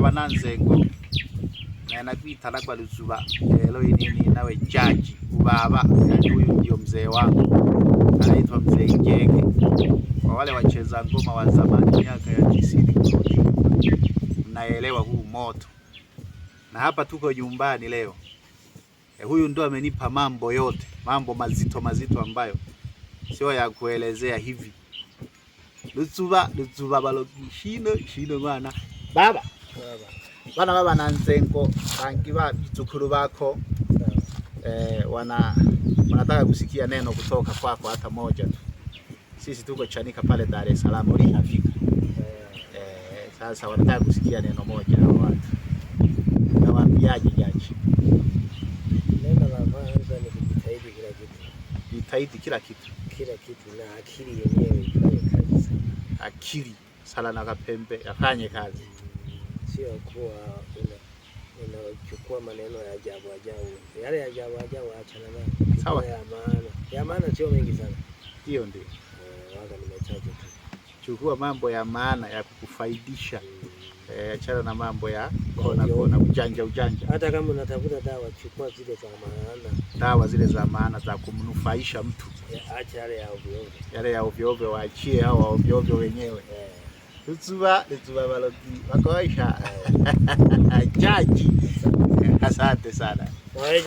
bananzengo naenakwitala kwa luzuba nawe jaji ubaba yani huyu ndio mzee wangu anaitwa mzee kwa wale wacheza ngoma wa zamani miaka ya huu moto na hapa tuko nyumbani leo e, huyu ndo amenipa mambo yote mambo mazito mazito ambayo sio ya kuelezea hivi Lutsuba Lutsuba shino, shino mwana baba bana babananzengo bangi ba vijukuru bako e, wana wanataka kusikia neno kutoka kwako kwa hata moja tu. Sisi tuko Chanika pale Dar es Salaam uli Afrika. E, eh, sasa wanataka kusikia neno moja na watu. Nawaambiaje jaji? Neno la kwanza ni kujitahidi kila kitu. Jitahidi kila kitu. Kila kitu na akili yenyewe ifanye kazi. Akili sala na kapembe afanye kazi sio kuwa unachukua maneno ya ajabu ajabu. Yale ya ajabu ajabu achana nayo. Sawa. Ya maana. Ya maana sio mengi sana. Hiyo ndio. Eh, waga nimechaje tu. Chukua mambo ya maana ya kukufaidisha. Mm. Eh, achana na mambo ya kona kona ujanja ujanja. Hata kama unatafuta dawa, chukua zile za maana. Dawa zile za maana za kumnufaisha mtu. Acha yale ya ovyo ovyo. Yale ya ovyo ovyo waachie hao ovyo ovyo wenyewe. Yeah. Rutuba Rutuba Balogi Makoisha. Chachi. Asante sana.